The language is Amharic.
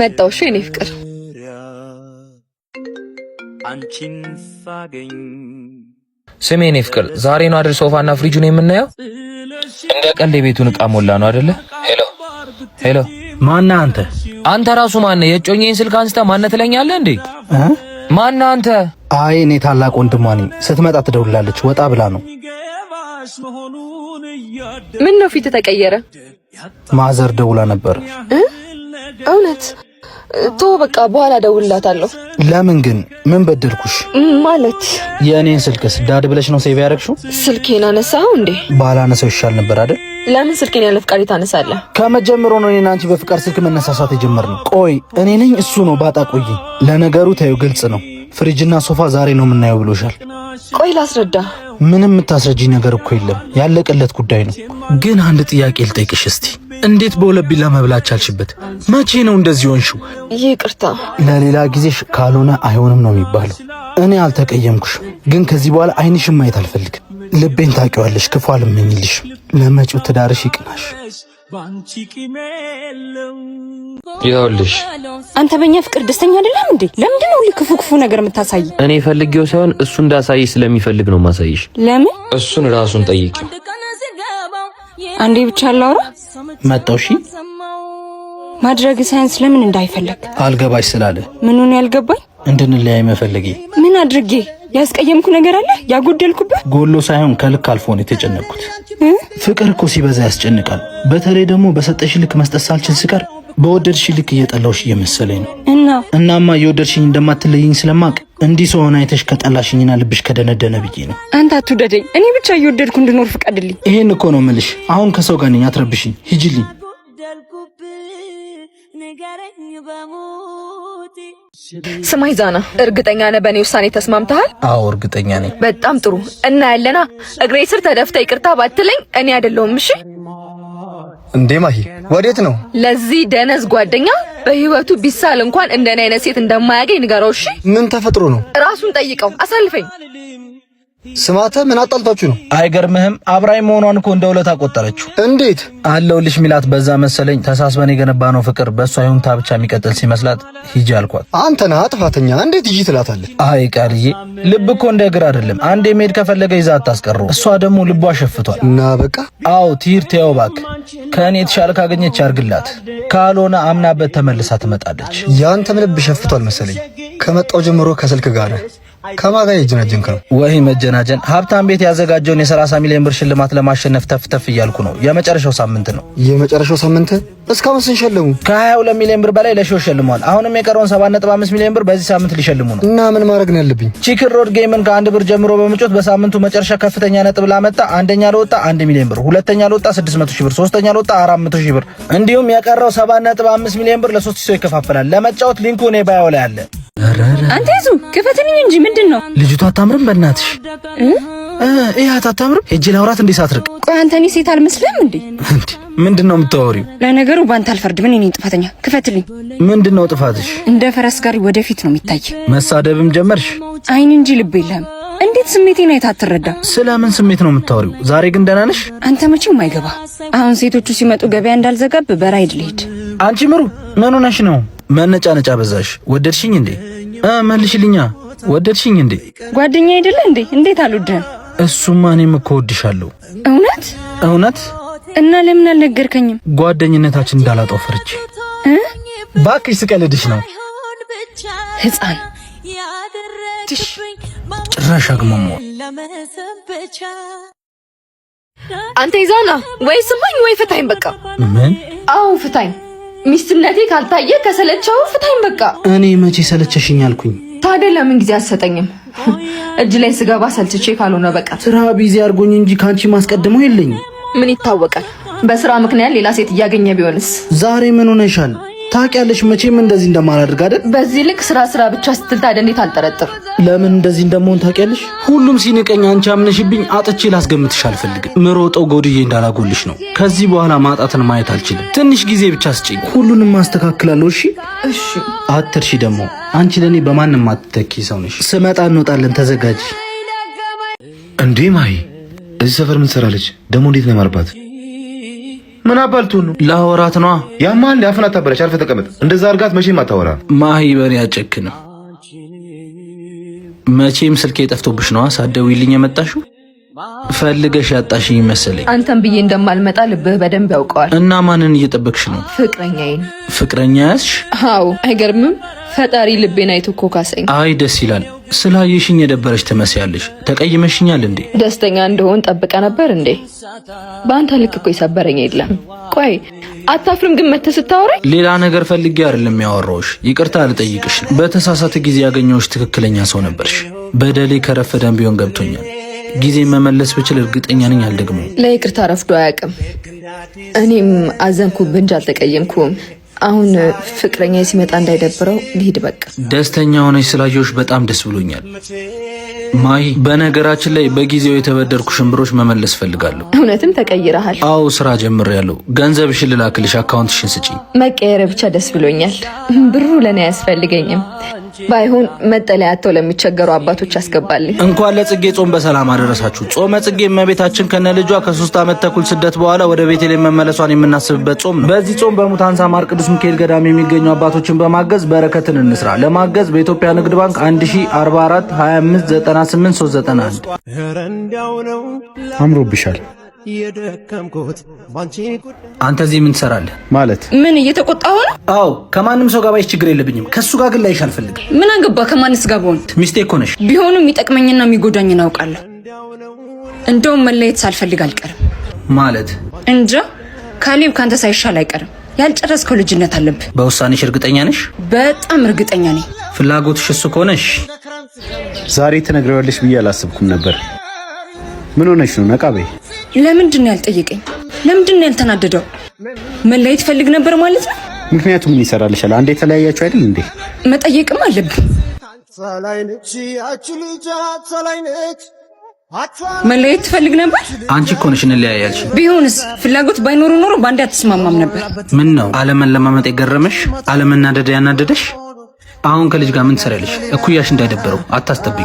መጣው እሺ፣ እኔ ፍቅር አንቺን ሳገኝ ስሜ እኔ ፍቅር፣ ዛሬ ነው አይደል ሶፋና ፍሪጁን የምናየው? እንደ ቀልድ የቤቱን እቃ ሞላ ነው አይደለ? ሄሎ ሄሎ፣ ማና አንተ? አንተ ራሱ ማነ? የጮኛዬን ስልክ አንስተ ማነ ትለኛለህ እንዴ? ማና አንተ? አይ እኔ ታላቅ ወንድሟ ነኝ። ስትመጣ ትደውላለች። ወጣ ብላ ነው። ምን ነው ፊት ተቀየረ? ማዘር ደውላ ነበር። እውነት ቶ በቃ በኋላ እደውልላታለሁ። ለምን ግን ምን በደልኩሽ? ማለት የእኔን ስልክስ ዳድ ብለሽ ነው ሴቭ ያደረግሽው? ስልኬን አነሳው እንዴ? ባላነሳው ይሻል ነበር አይደል? ለምን ስልኬን ያለ ፍቃድ ታነሳለህ? ከመጀመሩ ነው እኔና አንቺ በፍቃድ ስልክ መነሳሳት የጀመርነው። ቆይ እኔ ነኝ እሱ ነው ባጣ? ቆይ ለነገሩ ታዩ ግልጽ ነው። ፍሪጅና ሶፋ ዛሬ ነው የምናየው ብሎሻል። ቆይ ላስረዳ። ምንም የምታስረጂኝ ነገር እኮ የለም፣ ያለቀለት ጉዳይ ነው። ግን አንድ ጥያቄ ልጠይቅሽ እስቲ እንዴት በሁለት ቢላ መብላት ቻልሽበት? መቼ ነው እንደዚህ ሆንሽው? ይቅርታ። ለሌላ ጊዜሽ ካልሆነ አይሆንም ነው የሚባለው። እኔ አልተቀየምኩሽ፣ ግን ከዚህ በኋላ አይንሽን ማየት አልፈልግም። ልቤን ታውቂዋለሽ። ክፉ አልመኝልሽ። ለመጪው ትዳርሽ ይቅናሽ። ይኸውልሽ አንተ በእኛ ፍቅር ደስተኛ አይደለም እንዴ? ለምንድን ነው ክፉ ክፉ ነገር የምታሳይ? እኔ ፈልጌው ሳይሆን እሱ እንዳሳይ ስለሚፈልግ ነው ማሳይሽ። ለምን? እሱን ራሱን ጠይቂው። አንዴ ብቻ አላውራ መጣው። እሺ ማድረግ ሳይንስ ለምን እንዳይፈለግ አልገባሽ ስላለ ምኑን ያልገባኝ እንድንለያይ መፈለጌ ምን አድርጌ ያስቀየምኩ ነገር አለ? ያጎደልኩበት ጎሎ ሳይሆን ከልክ አልፎ ነው የተጨነቅኩት። ፍቅር እኮ ሲበዛ ያስጨንቃል። በተለይ ደግሞ በሰጠሽ ልክ መስጠት ሳልችል ስቀር በወደድሽ ልክ እየጠላሁሽ እየመሰለኝ ነው። እና እናማ የወደድሽኝ እንደማትለይኝ ስለማቅ እንዲህ ሰሆን አይተሽ ከጠላሽኝና ልብሽ ከደነደነ ብዬ ነው። አንተ አትውደደኝ፣ እኔ ብቻ እየወደድኩ እንድኖር ፍቀድልኝ። ይሄን እኮ ነው ምልሽ። አሁን ከሰው ጋር ነኝ፣ አትረብሽኝ። ሂጅልኝ ስማይ ዛና፣ እርግጠኛ ነህ በእኔ ውሳኔ ተስማምተሃል? አዎ እርግጠኛ ነኝ። በጣም ጥሩ። እና ያለና እግሬ ስር ተደፍተ ይቅርታ ባትለኝ እኔ አይደለሁም። እሺ እንዴ ማሂ ወዴት ነው? ለዚህ ደነዝ ጓደኛ በህይወቱ ቢሳል እንኳን እንደኔ አይነት ሴት እንደማያገኝ ንገረው። እሺ ምን ተፈጥሮ ነው? ራሱን ጠይቀው። አሳልፈኝ ስማተ ምን አጣልታችሁ ነው? አይገርምህም? አብራይ መሆኗን እኮ እንደ ውለታ ቆጠረችው። እንዴት አለውልሽ ሚላት በዛ መሰለኝ። ተሳስበን የገነባነው ፍቅር በእሷ ይሁንታ ብቻ የሚቀጥል ሲመስላት ሂጂ አልኳት። አንተ ነህ ጥፋተኛ፣ እንዴት ይይ ትላታለህ? አይ ቃልዬ፣ ልብ እኮ እንደ እግር አይደለም። አንዴ መሄድ ከፈለገ ይዛ አታስቀሩ። እሷ ደግሞ ልቧ ሸፍቷል። እና በቃ አዎ፣ ትሂድ ተይው እባክህ። ከእኔ የተሻለ ካገኘች ያርግላት፣ ካልሆነ አምናበት ተመልሳ ትመጣለች። ያንተም ልብ ሸፍቷል መሰለኝ። ከመጣው ጀምሮ ከስልክ ጋር ነህ ከማጋ የጀናጀን ከ ወይ መጀናጀን ሀብታም ቤት ያዘጋጀውን የ30 ሚሊዮን ብር ሽልማት ለማሸነፍ ተፍተፍ እያልኩ ነው። የመጨረሻው ሳምንት ነው። የመጨረሻው ሳምንት እስካሁን ስንሸልሙ ከ22 ሚሊዮን ብር በላይ ለሾው ሸልመዋል። አሁንም የቀረውን 7.5 ሚሊዮን ብር በዚህ ሳምንት ሊሸልሙ ነው እና ምን ማድረግ ነው ያለብኝ? ቺክን ሮድ ጌምን ከአንድ ብር ጀምሮ በመጮት በሳምንቱ መጨረሻ ከፍተኛ ነጥብ ላመጣ አንደኛ ለወጣ 1 ሚሊዮን ብር፣ ሁለተኛ ለወጣ 600 ሺህ ብር፣ ሶስተኛ ለወጣ 400 ሺህ ብር እንዲሁም የቀረው 7.5 ሚሊዮን ብር ለሶስት ሰው ይከፋፈላል። ለመጫወት ሊንኩ እኔ ባዮ ላይ አለ። አንተ ይዙ ክፈትልኝ እንጂ ምንድን ነው? ልጅቷ አታምርም። በእናትሽ ይህ አታምርም። ሄጄ ላውራት እንዴ ሳትርቅ። ቆይ አንተ እኔ ሴት አልመስልም እንዴ? ምንድን ነው የምታወሪው? ለነገሩ በአንተ አልፈርድም። እኔ ጥፋተኛ። ክፈትልኝ። ምንድን ነው ጥፋትሽ? እንደ ፈረስ ጋሪ ወደፊት ነው የሚታይ። መሳደብም ጀመርሽ። አይን እንጂ ልብ የለህም። እንዴት ስሜቴን አይታ አትረዳ? ስለምን ስሜት ነው የምታወሪው? ዛሬ ግን ደህና ነሽ? አንተ መቼም አይገባ። አሁን ሴቶቹ ሲመጡ ገበያ እንዳልዘጋብ በራይድ ልሂድ። አንቺ ምሩ ምን ሆነሽ ነው? መነጫ ነጫ በዛሽ። ወደድሽኝ እንዴ? መልሽልኛ። ወደድሽኝ እንዴ? ጓደኛ አይደለ እንዴ? እንዴት አልወድህም? እሱማ እኔም እኮ ወድሻለሁ። እውነት እውነት። እና ለምን አልነገርከኝም? ጓደኝነታችን እንዳላጣው ፈርቼ። እባክሽ ስቀልድሽ ነው። ሕፃን ጭራሽ አግመሞ አንተ ይዛና ወይ ስማኝ ወይ ፍታኝ። በቃ ምን? አዎ ፍታኝ ሚስትነቴ ካልታየ ከሰለቸው ፍታኝ በቃ። እኔ መቼ ሰለቸሽኝ አልኩኝ። ታዲያ ለምን ጊዜ አሰጠኝም? እጅ ላይ ስገባ ሰልችቼ ካልሆነ በቃ ስራ ቢዚ አድርጎኝ እንጂ ከአንቺ ማስቀድመው የለኝም። ምን ይታወቃል፣ በስራ ምክንያት ሌላ ሴት እያገኘ ቢሆንስ? ዛሬ ምን ሆነሻል? ታውቂያለሽ መቼም እንደዚህ እንደማላደርግ አይደል? በዚህ ልክ ስራ ስራ ብቻ ስትልታ ታዲያ እንዴት አልጠረጥር? ለምን እንደዚህ እንደመሆን ታውቂያለሽ? ሁሉም ሲንቀኝ አንቺ አምነሽብኝ አጥቼ ላስገምትሽ አልፈልግም። ምሮጠው ጎድዬ እንዳላጎልሽ ነው። ከዚህ በኋላ ማጣትን ማየት አልችልም። ትንሽ ጊዜ ብቻ ስጭኝ፣ ሁሉንም ማስተካክላለሁ። እሺ እሺ፣ አትርሺ። ደግሞ አንቺ ለእኔ በማንም አትተኪ ሰው ነሽ። ስመጣ እንወጣለን፣ ተዘጋጅ። እንዴ ማይ፣ እዚህ ሰፈር ምን ትሰራለች ደግሞ? እንዴት ነው የማርባት ምን አባልቱ ነው? ለአወራት ነዋ። ያማል ያፍን አታበላሽ። አርፈህ ተቀመጥ። እንደዛ አርጋት መቼም አታወራ። ማሂበን ያጨክንም። መቼም ስልኬ ጠፍቶብሽ ነዋ ሳትደውይልኝ የመጣሽው ፈልገሽ ያጣሽ ይመስለኝ። አንተም ብዬ እንደማልመጣ ልብህ በደንብ ያውቀዋል። እና ማንን እየጠበቅሽ ነው? ፍቅረኛዬን። ፍቅረኛ ያዝሽ? አዎ አይገርምም። ፈጣሪ ልቤን አይቶ እኮ ካሰኝ። አይ ደስ ይላል። ስላየሽኝ የደበረች ትመስያለሽ። ተቀይመሽኛል እንዴ? ደስተኛ እንደሆን ጠብቀ ነበር እንዴ? በአንተ ልክ እኮ የሰበረኝ የለም። ቆይ አታፍርም ግን መተህ ስታወራኝ? ሌላ ነገር ፈልጌ አይደለም ያወራሁሽ። ይቅርታ ልጠይቅሽ። በተሳሳተ ጊዜ ያገኘሁሽ ትክክለኛ ሰው ነበርሽ። በደሌ ከረፈደን ቢሆን ገብቶኛል። ጊዜ መመለስ ብችል እርግጠኛ ነኝ አልደግሞ። ለይቅርታ ረፍዶ አያውቅም። እኔም አዘንኩብህ እንጂ አልተቀየምኩም። አሁን ፍቅረኛ ሲመጣ እንዳይደብረው ሊሄድ በቃ ደስተኛ ሆነች ስላየሁሽ በጣም ደስ ብሎኛል ማይ። በነገራችን ላይ በጊዜው የተበደርኩ ሽንብሮች መመለስ ፈልጋለሁ። እውነትም ተቀይረሃል። አዎ ስራ ጀምሬያለሁ። ገንዘብሽን ልላክልሽ፣ አካውንትሽን ስጪ። መቀየረ ብቻ ደስ ብሎኛል። ብሩ ለእኔ አያስፈልገኝም። ባይሆን መጠለያ አጥተው ለሚቸገሩ አባቶች አስገባልኝ። እንኳን ለጽጌ ጾም በሰላም አደረሳችሁ። ጾመ ጽጌ እመቤታችን ከነ ልጇ ከሶስት ዓመት ተኩል ስደት በኋላ ወደ ቤተልሔም መመለሷን የምናስብበት ጾም ነው። በዚህ ጾም በሙታን ሳማር ቅዱስ ሚካኤል ገዳም የሚገኙ አባቶችን በማገዝ በረከትን እንስራ። ለማገዝ በኢትዮጵያ ንግድ ባንክ 1044 2598 391 አምሮብሻል የደከምኩት ባንቺ አንተ እዚህ ምን ትሰራለህ? ማለት ምን እየተቆጣሁ ነው? አዎ ከማንም ሰው ጋር ባይሽ ችግር የለብኝም። ከሱ ጋር ግን ላይሽ አልፈልግም። ምን አንገባ ከማንስ ጋር በሆን ሚስቴክ ሆነሽ ቢሆንም የሚጠቅመኝና የሚጎዳኝ እናውቃለሁ። እንደውም መለየት ሳልፈልግ አልቀርም። ማለት እንጃ ካሌብ ከአንተ ሳይሻል አይቀርም። ያልጨረስከው ልጅነት አለብህ። በውሳኔሽ እርግጠኛ ነሽ? በጣም እርግጠኛ ነኝ። ፍላጎትሽ እሱ ከሆነሽ ዛሬ ትነግረዋለሽ ብዬ አላስብኩም ነበር። ምን ሆነሽ ነው? ነቃ በይ ለምንድን ነው ያልጠየቀኝ? ለምንድን ነው ያልተናደደው? መለየት ፈልግ ነበር ማለት ነው። ምክንያቱም ምን ይሰራልሻል? አንዴ የተለያያችሁ አይደል እንዴ? መጠየቅም አለብን። መለየት ትፈልግ ነበር? አንቺ እኮ ነሽ እንለያያልሽ። ቢሆንስ ፍላጎት ባይኖሩ ኖሮ በአንዴ አትስማማም ነበር። ምን ነው አለመን ለማመጥ የገረመሽ? አለመናደድ ያናደደሽ? አሁን ከልጅ ጋር ምን ትሰሪያለሽ? እኩያሽ እንዳይደበረው አታስጠብቂው።